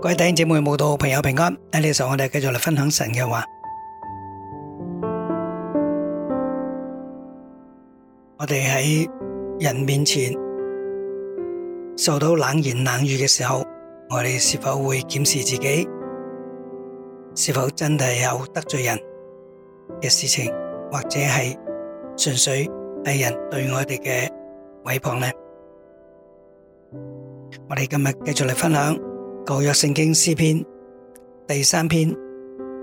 各位弟兄姊妹、慕道朋友平安，喺呢個時候我哋繼續嚟分享神嘅話。我哋喺人面前受到冷言冷語嘅時候，我哋是否會檢視自己？是否真係有得罪人嘅事情，或者係純粹係人對我哋嘅誹謗呢？我哋今日繼續嚟分享。舊約聖經詩篇第三篇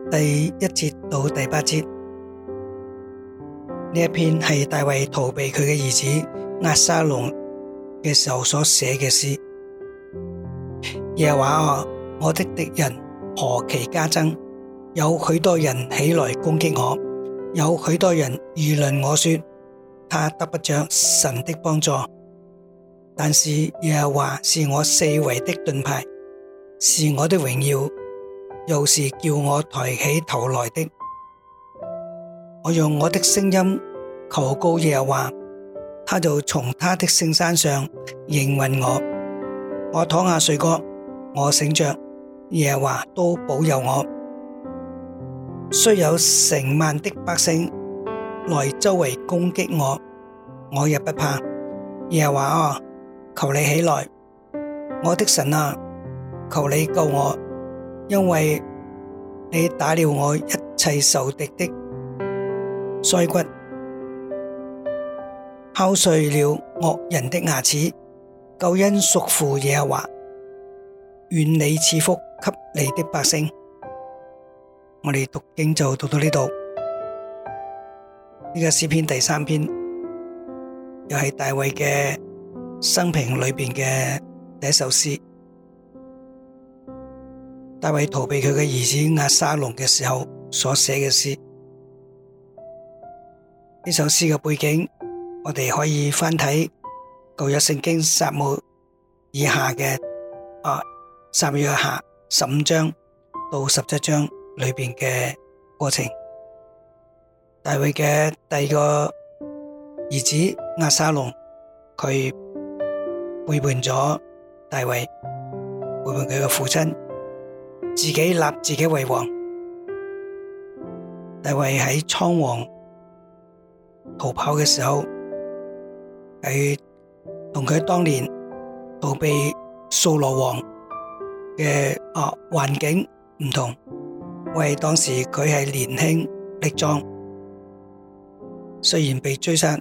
第一節到第八節，呢一篇係大衛逃避佢嘅兒子押沙龍嘅時候所寫嘅詩。耶和華哦、啊,我的敵人何其加增，有許多人起來攻擊我，有許多人議論我說，他得不着神的幫助。但是耶和華是我四圍的盾牌，是我的榮耀，又是叫我抬起頭來的。我用我的聲音求告耶和華，他就從他的聖山上應允我。我躺下睡覺，我醒着，耶和華都保佑我。雖有成萬的百姓來周圍攻擊我，我也不怕。耶和華哦、啊，求你起來，我的神啊！求你救我，因為你打了我一切仇敵的腮骨，敲碎了惡人的牙齒。救恩屬乎耶和華，願你賜福給你的百姓。我哋讀經就讀到呢度，呢、這個詩篇第三篇，又係大衛嘅生平裏邊嘅第一首詩。大衛逃避佢嘅兒子押沙龍嘅時候所寫嘅詩，呢首詩嘅背景，我哋可以翻睇舊約聖經撒母耳記下嘅啊十月下十五章到十七章裏邊嘅過程。大衛嘅第二個兒子押沙龍，佢背叛咗大衛，背叛佢嘅父親。自己立自己為王，大衛喺倉皇逃跑嘅時候，係同佢當年逃避掃羅王嘅，啊、環境唔同，因為當時佢係年輕力壯，雖然被追殺，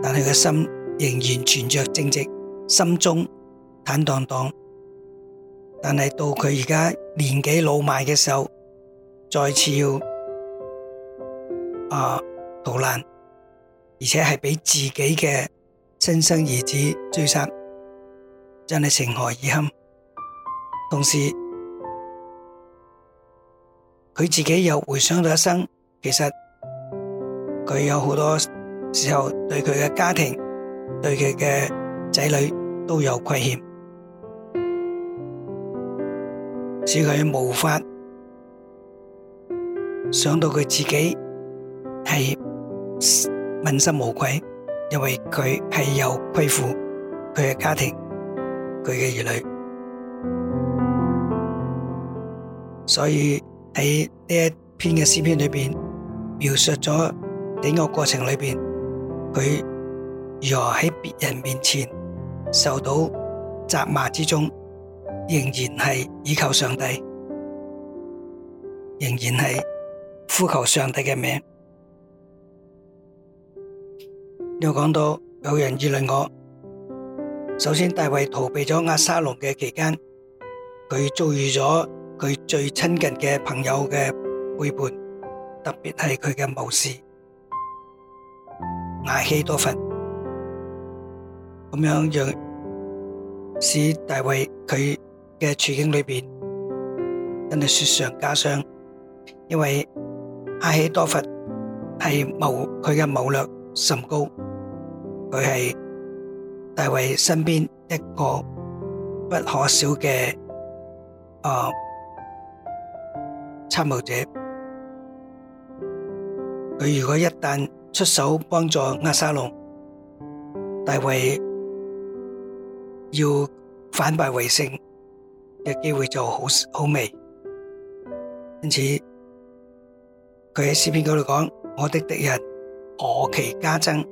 但佢嘅心仍然存着正直，心中坦蕩蕩。但係到佢而家年紀老邁嘅時候，再次要啊逃難，而且係俾自己嘅親生兒子追殺，真係情何以堪。同時佢自己又回想咗一生，其實佢有好多時候對佢嘅家庭、對佢嘅仔女都有虧欠。使佢無法想到佢自己係問心無愧，因為佢係有虧負佢嘅家庭、佢嘅兒女。所以喺呢一篇嘅詩篇裏邊，描述咗整個過程裏邊，佢如何喺別人面前受到責罵之中。仍然係倚靠上帝，仍然係呼求上帝嘅名。又講到有人議論我，首先大衛逃避咗押沙龍嘅期間，佢遭遇咗佢最親近嘅朋友嘅背叛，特別係佢嘅謀士亞希多弗，咁樣讓使大衛佢嘅處境裏邊，真係雪上加霜，因為亞希多弗係謀佢嘅謀略甚高，佢係大衛身邊一個不可少嘅啊參謀者。佢如果一旦出手幫助押沙龍，大衛要反敗為勝嘅機會就好好微，因此佢喺詩篇嗰度講：我的敵人何其加增，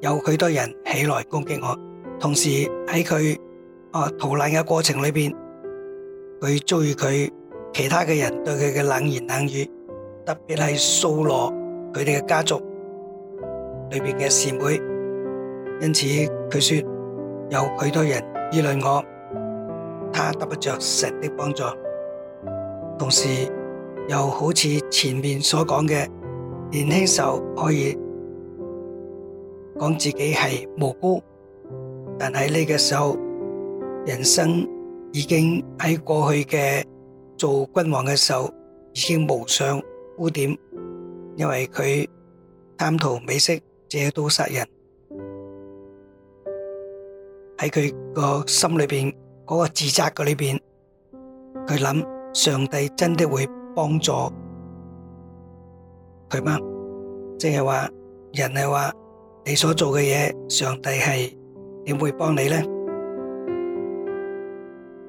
有許多人起來攻擊我。同時喺佢啊逃難嘅過程裏邊，佢遭遇佢其他嘅人對佢嘅冷言冷語，特別係掃羅佢哋嘅家族裏邊嘅姊妹。因此佢說：有許多人議論我。他得不着神的幫助，同時又好似前面所講嘅年輕時候可以講自己係無辜，但喺呢個時候，人生已經喺過去嘅做君王嘅時候已經無上污點，因為佢貪圖美色，借刀殺人，喺佢個心裏邊。嗰個自責嘅裏邊，佢諗上帝真的會幫助佢嗎？即係話人係話你所做嘅嘢，上帝係點會幫你呢？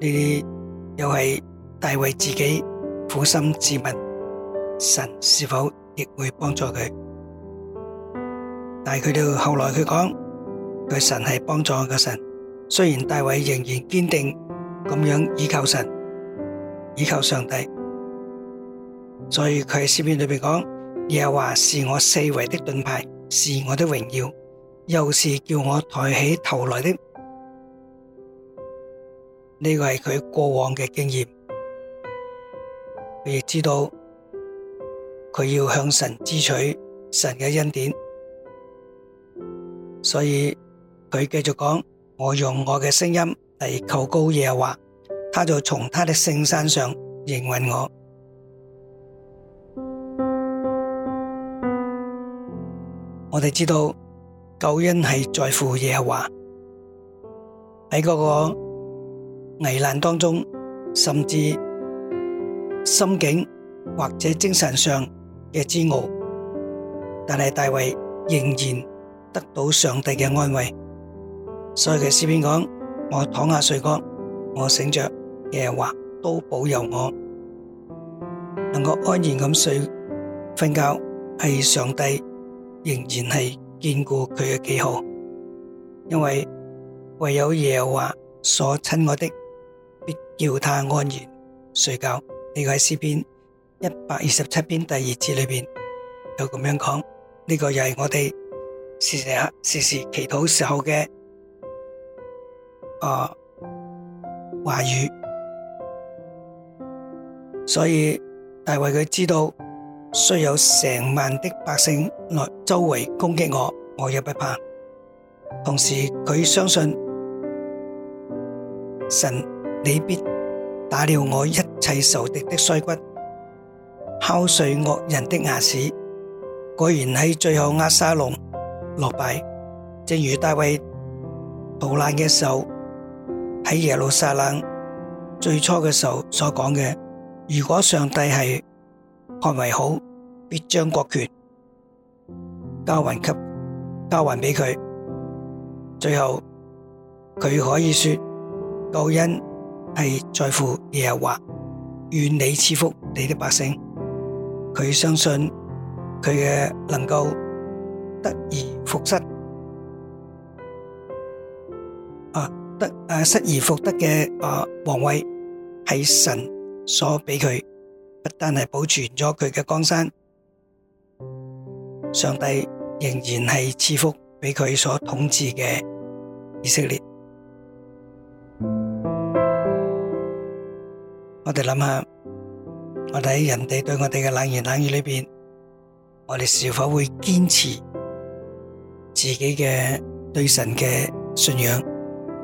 呢啲又係大衛自己苦心自問，神是否亦會幫助佢？但係佢哋後來佢講，佢神係幫助我嘅神。雖然大衛仍然堅定咁樣倚靠神，倚靠上帝，所以佢喺詩篇裏面講，耶和華是我四圍的盾牌，是我的榮耀，又是叫我抬起頭來的。呢、這個係佢過往嘅經驗，佢亦知道佢要向神支取神嘅恩典，所以佢繼續講。我用我嘅聲音嚟求告耶和華，他就從他的聖山上應允我。我哋知道，救恩係在乎耶和華，喺嗰個危難當中，甚至心境或者精神上嘅煎熬，但係大衛仍然得到上帝嘅安慰。所以嘅詩篇講：我躺下睡覺，我醒着，耶華都保佑我能夠安然地睡瞓覺，是上帝仍然是眷顧他的記號，因為唯有耶和華所親愛的，必叫他安然睡覺。呢、這個喺詩篇一百二十七篇第二節裏面有這樣講，這個又係我們時時刻時時祈禱時候的誒話、啊、語，所以大衛佢知道，雖有成萬的百姓來周圍攻擊我，我也不怕。同時佢相信神，你必打了我一切仇敵的腮骨，敲碎惡人的牙齒。果然喺最後押沙龍落敗，正如大衛逃難嘅時候。喺耶路撒冷最初嘅時候所講嘅，如果上帝係看為好，必將國權交還給交還俾佢。最後佢可以說，救恩係在乎耶和華，願你賜福你的百姓。佢相信佢嘅能夠得而復失。啊失而復得嘅，啊，王位係神所俾佢，不單係保存咗佢嘅江山，上帝仍然係賜福俾佢所統治嘅以色列。我哋諗下，我哋喺人哋對我哋嘅冷言冷語裏邊，我哋是否會堅持自己嘅對神嘅信仰？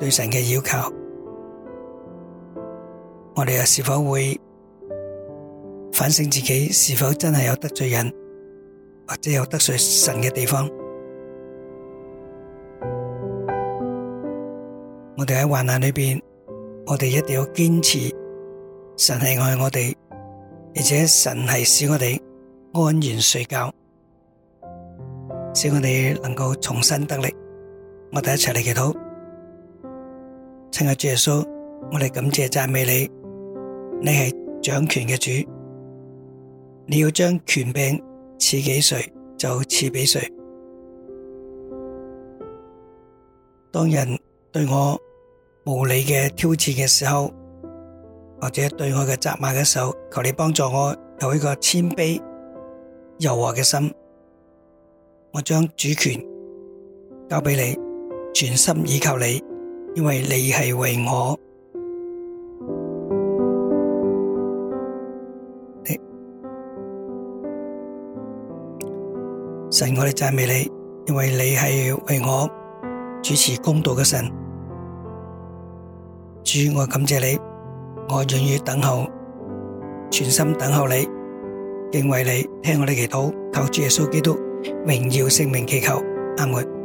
對神嘅要求，我哋又是否會反省自己是否真係有得罪人，或者有得罪神嘅地方？我哋喺患難裏邊，我哋一定要堅持，神係愛我哋，而且神係使我哋安然睡覺，使我哋能夠重新得力。我哋一齊嚟祈禱。主耶穌我哋感謝讚美你。你係掌權嘅主，你要將權柄賜俾誰就賜俾誰。當人對我無理嘅挑戰嘅時候，或者對我嘅責罵嘅時候，求你幫助我有一個謙卑柔和嘅心。我將主權交俾你，全心依靠你。因為你係為我，你神，我哋讚美你，因為你係為我主持公道嘅神。主，我感謝你，我願意等候，全心等候你，敬畏你，聽我哋祈禱，靠主耶穌基督榮耀聖名祈求阿門。